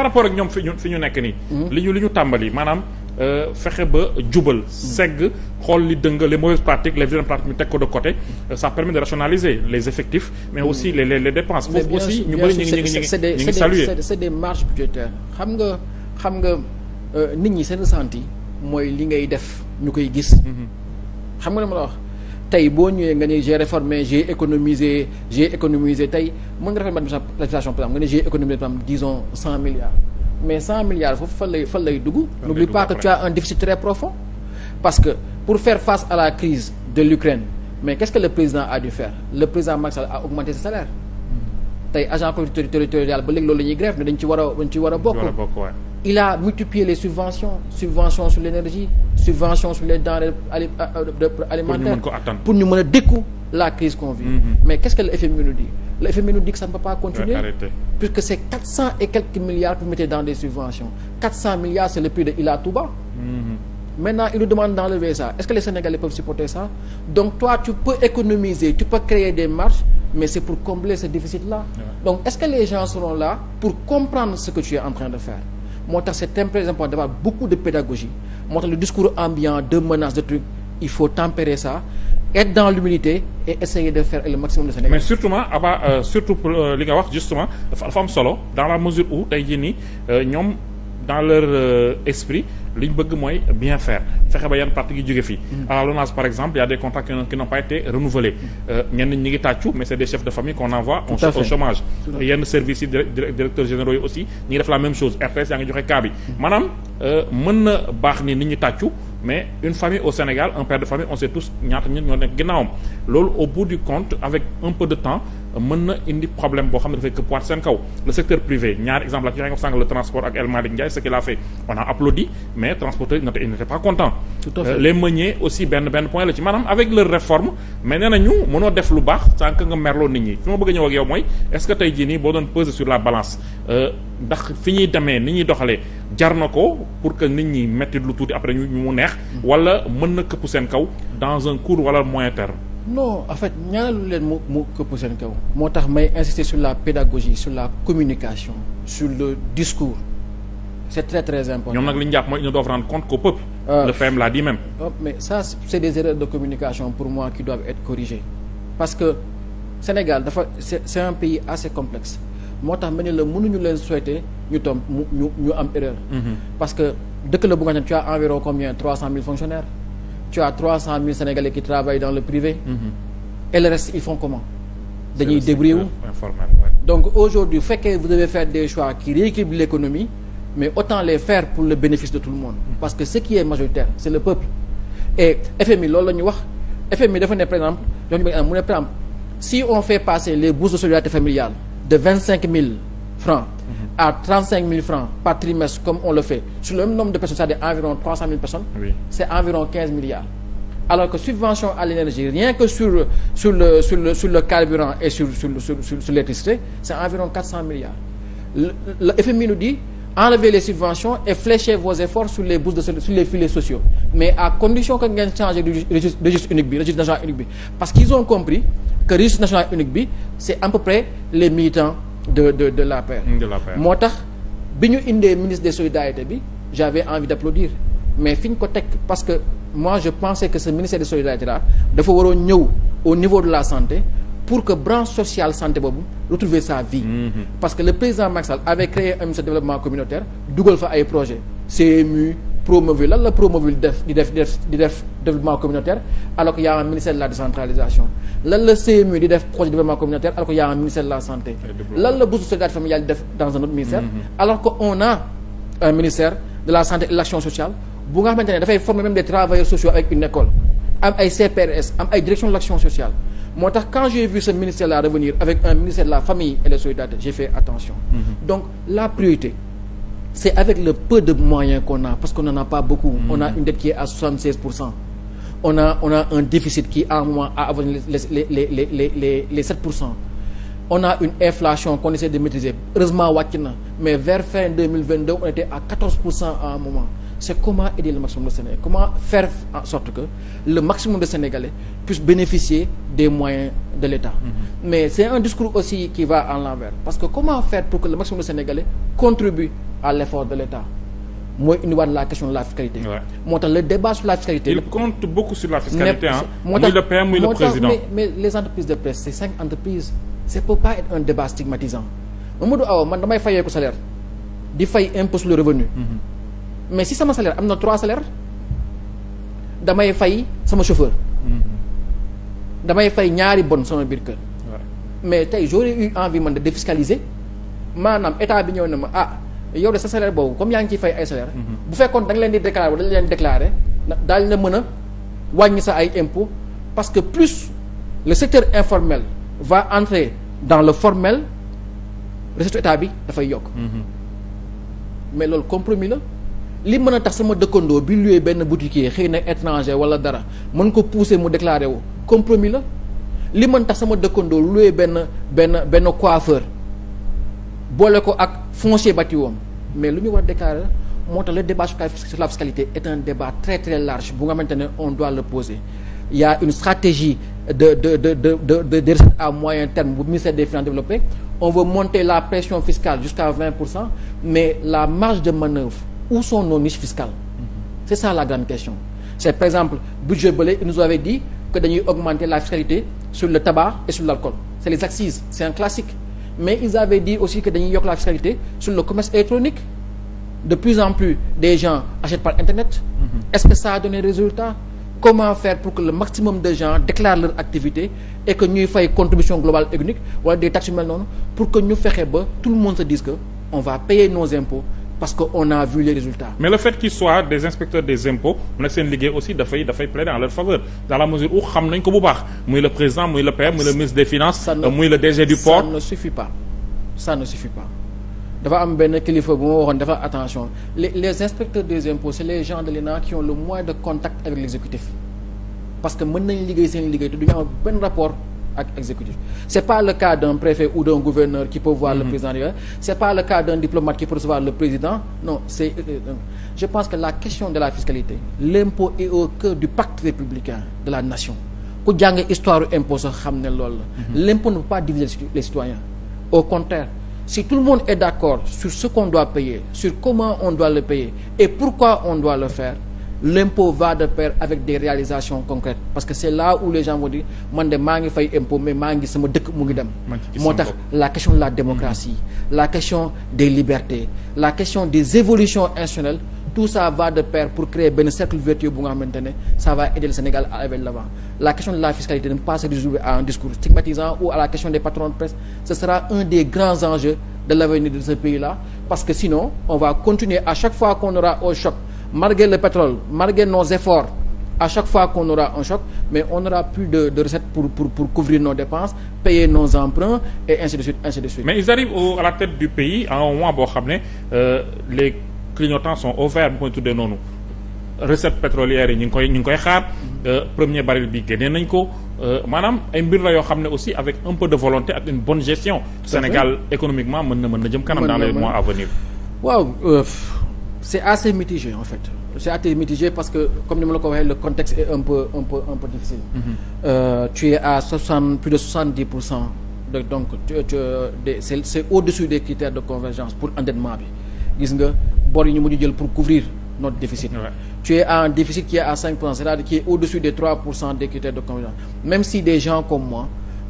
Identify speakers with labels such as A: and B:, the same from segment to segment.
A: par rapport ak ñoom fi ñu fi ñu nekk nii. Hmm? li ñu li ñu tàmbali maanaam euh, fexe ba jubal. segg xool li dëng les mauvaises pratiques les vilaines pratiques ñu teg ko de côté euh, ça permet de rationaliser les effectifs. mais aussi hmm. les les les dépenses. foofu aussi ñu bëri ñu ngi ñu ngi saluer
B: xam nga xam nga euh, nit ñi seen santi mooy li ngay def ñu koy gis. Hmm. xam nga li ma la wax. tey boo ñëwee nga ne j'ai réformé j'ai économisé j'ai économisé tey man nga réformer l'administration par exemple nga ne j'ai économisé par exemple disons cent milliards mais cent milliards foofu fan lay fan lay dugg n'oublie pas que tu as un déficit que pour faire face à la crise de l'Ukraine mais qu'est-ce que le président a dû faire le président Macky a augmenté ses salaires hmm. tey agent collectivité territoriale ba léegi loolu la ñuy grève ne dañ ci war a dañ ci war a bokk il a multiplié les subventions subventions sur l'énergie subventions sur les denrées euh, euh, alimentaires pour ñu mën a dékku la crise qu'on vit mm -hmm. mais qu'est-ce que le FMI nous dit le nous dit que ça ne peut pas continuer puisque c'est et quelques milliards que vous mettez dans des subventions quatre cent milliards c'est le prix de Ila Touba mm -hmm. nous demande d'enlever ça est-ce que les Sénégalais peuvent supporter ça donc toi économiser tu créer des marges mais c'est pour combler ce déficit là ouais. donc est-ce que les moo tax c'est très important d'avoir beaucoup de pédagogie moo tax le discours ambiant de menaces de trucs il faut tempérer ça être dans l'humilité et essayer de faire le maximum de Sénégal.
A: mais surtout Aba euh, surtout euh, li nga wax justement dafa am solo dans la mesure où tey jii nii euh, ñoom dans leur euh, esprit li ñu bëgg mooy bien faire fexe ba yan parti gi jóge fii mm. à l'ONAS par exemple y a des contrats qui n'ont pas été renouvelés mm. euh, ñi ngi tàccu mais c'est des chefs de famille qu'on envoie au chômage yenn services yi directeurs généraux yi aussi ñi def la même chose RTS yaa ngi joxe cas bi mm. maanaam euh, mën na baax ni nit ñi tàccu mais une famille au Sénégal un père de famille on sait tous ñaata ñun ñoo nekk ginnaawam loolu au bout du compte avec un peu de temps mën na indi problème boo xam ne dafay këppuwaat seen kaw le secteur privé ñaari exemple la ci nga sànq le transport ak El Malick Ndiaye ce qu'il a fait on a applaudi mais transporteur il n'était pas content tout à euh, aussi benn benn point la ci maanaam avec leur réforme mais nee nañu mënoo def lu baax sànq nga merloo nit ñi fi ma bëgg ñëw ak yow mooy est ce que tey jii nii boo doon peser sur la balance euh, ndax fi ñuy demee ni ñuy doxalee jar na ko pour que nit ñi metti lu tuuti après ñu mu neex. wala mën na këpp seen kaw dans un court wala moyen terme.
B: non en fait ñaareelu leen mu mu këpp seen kaw. moo tax may insister sur la pédagogie sur la communication sur le discours c'est très très
A: important. ñoom mooy ñu doon rendre compte qu'au Euh, le PM l'a dit même.
B: mais ça c'est des erreurs de communication pour moi qui doivent être corrigées parce que Sénégal dafa c'est c'est un pays assez complexe moo tax ma ne la mënuñu leen souhaiter ñu tomb ñu am erreur. Mm-hmm. parce que dëkk la bu nga xam environ combien fonctionnaires tu Sénégalais qui travaillent dans le privé.
A: Mm-hmm.
B: et le reste ils font comment.
A: dañuy débrouiller wu
B: vous devez faire des choix qui rééquilibrent l'économie mais autant les faire pour le bénéfice de tout le monde parce que ce qui ñu wax FMI dafa ne par exemple jox ñu mu ne par exemple si on fait passer cinq mille francs à cinq mille francs par trimestre comme on le fait sur le même nombre de personnes c'est-à-dire environ trois le sur le sur le carburant et sur sur sur, sur, sur l'électricité c'est environ quatre cent milliards enlevez les subventions et fléchez vos efforts sur les bourses de sur les filets sociaux mais à condition que ngeen changer de registre unique bi registre national unique bi parce qu'ils ont compris que registre national unique bi c'est à peu près les militants de de de l'APR moo tax bi ñu indee ministre des solidarités bi j'avais envie d'applaudir mais fi ñu ko teg parce que moi je pensais que ce ministère des solidarités là dafa waroon ñëw au niveau de la santé pour que branche sociale santé boobu retrouver sa vie mhm. parce que le président Macky Sall avait créé un ministère développement communautaire dugal fa ay projet CMU Promoville lan la Promoville def di def di def développement communautaire alors que y a un ministère de la lan la CMU di de développement communautaire alors a un la santé lan la bourse solidarité familiale di def dans un autre ministère mhm. alors que on a un ministère de la santé et l'action sociale bu nga xamante ne dafay former même des travailleurs sociaux avec une am ay CPRS am ay direction de l'action sociale moo tax quand j'ai vu ce ministère là revenir avec un ministère de la famille et de la solidarité j'ai fait attention mmh. donc la priorité c'est avec le peu de moyens qu'on a parce qu'on mm-hmm. a une dette qui est à 76 pour cent on a on a un déficit qui à un moment a avoisiné les les on a une inflation qu'on essaie de maîtriser heureusement wàcc na mais vers fin 2022 on était à 14 pour cent à un moment c'est comment aider le maximum de Sénégalais comment faire en sorte que le maximum de Sénégalais puissent bénéficier des moyens de l'État mm-hmm. mais c'est un discours aussi qui va en l'envers parce que comment faire pour que le maximum de Sénégalais contribue à l'effort de l'État mooy indiwaat la question de la fiscalité. moo tax le débat sur la fiscalité. il compte beaucoup sur la fiscalité ah. moo tax muy le PM muy le président mais les entreprises de presse cinq entreprises. man damay fayeeku salaire di fay impôt sur le revenu. Mm-hmm. mais si sama salaire am na trois salaires damay fay sama chauffeur mhm. damay fay ñaari bon sama biir kër mais tey j'aurais eu envie man de défiscaliser maanaam état bi ñëw ne ma ah yow de sa salaire boobu comme yaa ngi ciy fay ay salaire mhm. bu fekkoon da leen di déclarer wala dañ leen déclarer daal na mën a wàññi sa ay impôts parce que plus le secteur informel va entrer dans le formel recette état bi dafay yokk mhm. mais loolu compromis la li mën a tax sama dëkkandoo bi luwee benn boutiquier xëy na étranger wala dara mën ko pousser mu déclaré wu compromis la li mën tax sama dëkkandoo luwee benn benn benn coiffeur boole ko ak foncier bâtiwoom mais lu muy war a déclaré moo tax le débat sur la fiscalité est un débat très très large bu nga xamante ne on doit le poser il y une stratégie de de de de de de à moyen terme bu ministère de finances développé on veut monter la pression fiscale jusqu'à vingt pour cent mais la marge de manœuvre où sont nos niches fiscales mhm. c'est ça la grande c'est par exemple budget bële ils nous avaient dit que dañuy augmenter la fiscalité sur le tabac et sur l'alcool c'est les accises c'est un classique mais ils avaient dit aussi que dañuy yokk la fiscalité sur le commerce électronique de plus en plus des gens achètent par internet mhm. est-ce que ça a donné résultat comment faire pour que le maximum de gens déclarent leur activité et que ñuy fay contribution globale et unique wala pour que ñu fexe ba le monde se dise que on va parce que on a vu les résultats.
A: mais le fait qu'ils soient des inspecteurs des impôts mu nekk seen liggéey aussi dafay dafay plaider en leur faveur dans mesure où xam nañ ko bu baax muy le président muy le PM muy le ministre des finances. muy le DG du port ne suffit pas ne suffit pas.
B: dafa am benn kilifa bu ma waxoon dafa attention le les inspecteurs des impôts c'est les gens de l'ENA qui ont le moins de contact avec l'exécutif parce que mën nañ liggéey seen ak exécutif c'est pas le cas d'un préfet ou d'un gouverneur qui peut voir mm -hmm. le mhm. président yooyu c'est pas le cas d'un diplomate qui peut recevoir le président non c'est euh, euh, je pense que la question de la fiscalité l'impôt est au cœur du pacte républicain de la nation ku jàng histoire impôt sax xam ne loolu la mhm. l'impôt ne peut pas diviser les citoyens au contraire si tout le monde est d'accord sur ce qu'on doit payer sur comment on doit le payer et pourquoi on doit le l'impôt va de pair avec des réalisations concrètes parce que c'est là où les gens vont dire man maa ngi fay impôt mais maa ngi sama dëkk mu ngi dem moo tax la question de la démocratie mmh. la question des libertés la question des évolutions institutionnelles tout ça va de pair pour créer benn cercle vertueux bu nga xamante ne ça va aider le Sénégal à aller de l'avant la question de la fiscalité ne pas se à un discours stigmatisant ou à la question malgré le pétrole malgré nos efforts à chaque fois qu'on aura un choc mais on aura plus de recettes pour pour pour couvrir nos dépenses payer nos
A: emprunts et ainsi de suite ainsi de suite. mais ils arrivent à la tête du pays à un boo xam ne euh, les clignotants sont au vert bu koy tuddee noonu recettes pétrolières yi ñu ngi koy ñu ngi koy xaar euh, premier baril bi génnee nañ ko. Euh, maanaam ay mbir la yoo xam ne aussi avec un peu de volonté ak une bonne gestion. Sénégal na mën na jëm kanam. dans les
B: c'est assez mitigé en fait c'est assez mitigé parce que comme ni ma la ko waxee le contexte est un peu un peu un peu difficile mm-hmm. euh, tu es à plus de pour cent de donc tu, de c'est au-dessus des critères de convergence pour endettement bi gis nga bor yi ñu mujj jël pour couvrir notre déficit ouais. tu es à un déficit qui est à cinq pour cent c'est-à-dire qui est au-dessus des trois pour cent des critères de convergence même si des gens comme moi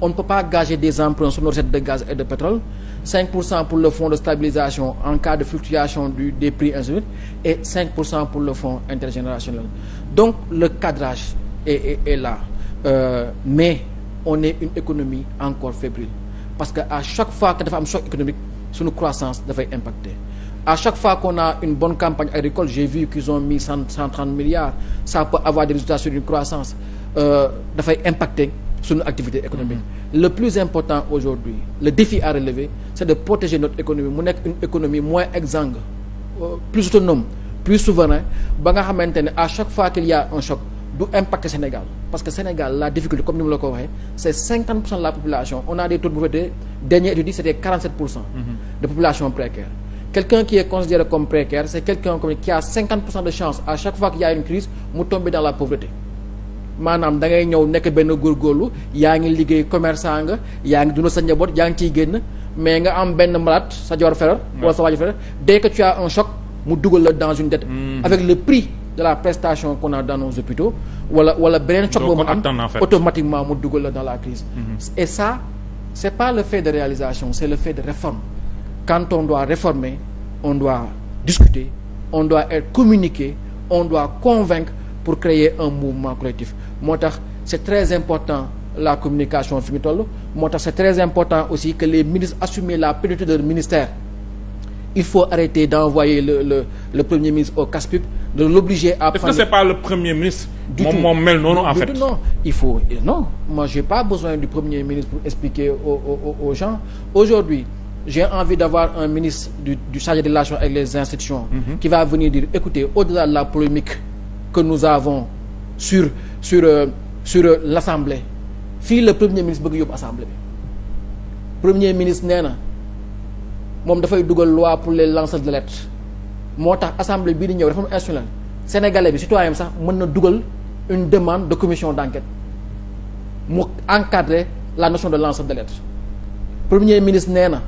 B: on ne peut pas gager des emprunts sur nos recettes de gaz et de pétrole pour le fonds de stabilisation en cas de fluctuation des prix ainsi et 5 pour cent pour le fonds intergénérationnel donc le cadrage est est, est là euh, mais on est une économie encore fébrile parce que à chaque fois que dafa am choc économique suñu croissance dafay impacter à chaque fois a une bonne campagne agricole j'ai vu qu'ils ont mis cent cent trente milliards ça peut avoir des résultats sur une croissance euh, dafay impacter suñu activité économique le plus important aujourd'hui le défi à relever c'est de protéger notre économie mu nekk une économie moins exsangue euh, plus autonome plus souverain ba nga xamante à chaque fois qu'il y a un choc du impacter Sénégal parce que Sénégal la difficulté comme ni mu ko waxee c'est de la population on a des taux de pauvreté dernière c'était mm-hmm. de population précaire quelqu'un qui est considéré comme précaire c'est quelqu'un maanaam da ngay ñëw nekk benn góor góorgóorlu yaa ngi liggéey commerçant nga yaa ngi dund sa njaboot yaa ngi ciy génn mais nga am benn malade sa jor feral wala sa waaju feral dès que tu un choc mu dugal la dans une dette hmm. avec le prix de la prestation qu'on a dans nos hôpitaux wala wala beneen choc boo mu am automatiquement mu dugal la dans la crise hmm. et ça c'est pas le fait de réalisation c'est le fait de réforme quand on doit réformer on doit discuter on doit être on doit pour créer un mouvement collectif moo tax c'est très important la communication fi ñu toll moo tax c'est très important aussi que les ministres assument la plénitude de leur ministère il faut arrêter d'envoyer le le le premier ministre au casse-pipe de l'obliger à prendre... est que c'est
A: pas le premier ministre du moom en fait non
B: il faut non moi j'ai pas besoin du premier ministre pour expliquer aux aux aux gens aujourd'hui j'ai envie d'avoir un ministre du du chargé les institutions mm -hmm. de la polémique que nous avons sur sur euh, sur euh, l'assemblée fii la premier ministre bëgg yóbbu assemblée bi premier ministre nee na moom dafay dugal loi pour les lanceurs de lettres moo tax assemblée bii di ñëw dafa am insulin sénégalais bi citoyen sax mën na dugal une demande de commission d'enquête mu encadre la notion de lanceur de lettres premier ministre nee na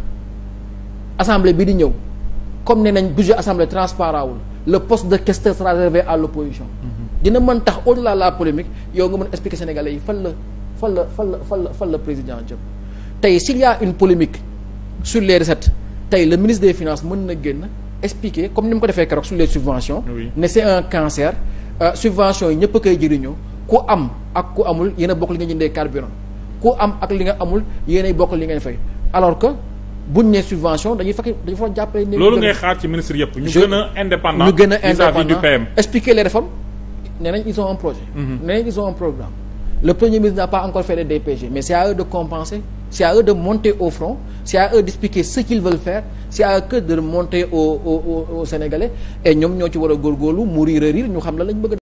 B: assemblée bii di ñëw comme nee nañ budget assemblée transparent wul le poste de questeur sera réservé à l'opposition mhm. dina mën tax au-delà de la polémique yow nga mën expliquer sénégalais yi fan la fan la fal la fan la fan la président jëm tey s'il une polémique sur les recettes tey le ministre des finances mën na génn expliquer comme ni mu ko defee keroog sur les subventions ne c'est un cancer euh, subventions yi ñëpp a koy jëriñoo ku am ak ku amul yéen a bokk li nga jëndee carburant ku am ak li nga amul yéen a bokk li ngeen fay alors que buñ ne subvention dañuy fekk dañu fa jàppale. ne loolu ngay
A: xaar ci ministre yëpp. ñu gën a indépendant ñu gën a indépendant du PM.
B: expliquer les réformes nee nañ ils ont un projet. Mm-hmm. nee nañ ils ont un programme. le premier ministre n'a pas encore fait les DPG mais c'est à eux compenser c'est à eux monter au front c'est à eux d'expliquer ce qu'ils veulent faire c'est à eux que de monter au au et ñoom ñoo ci war a góorgóorlu mu riir a riir ñu xam la lañ bëgg.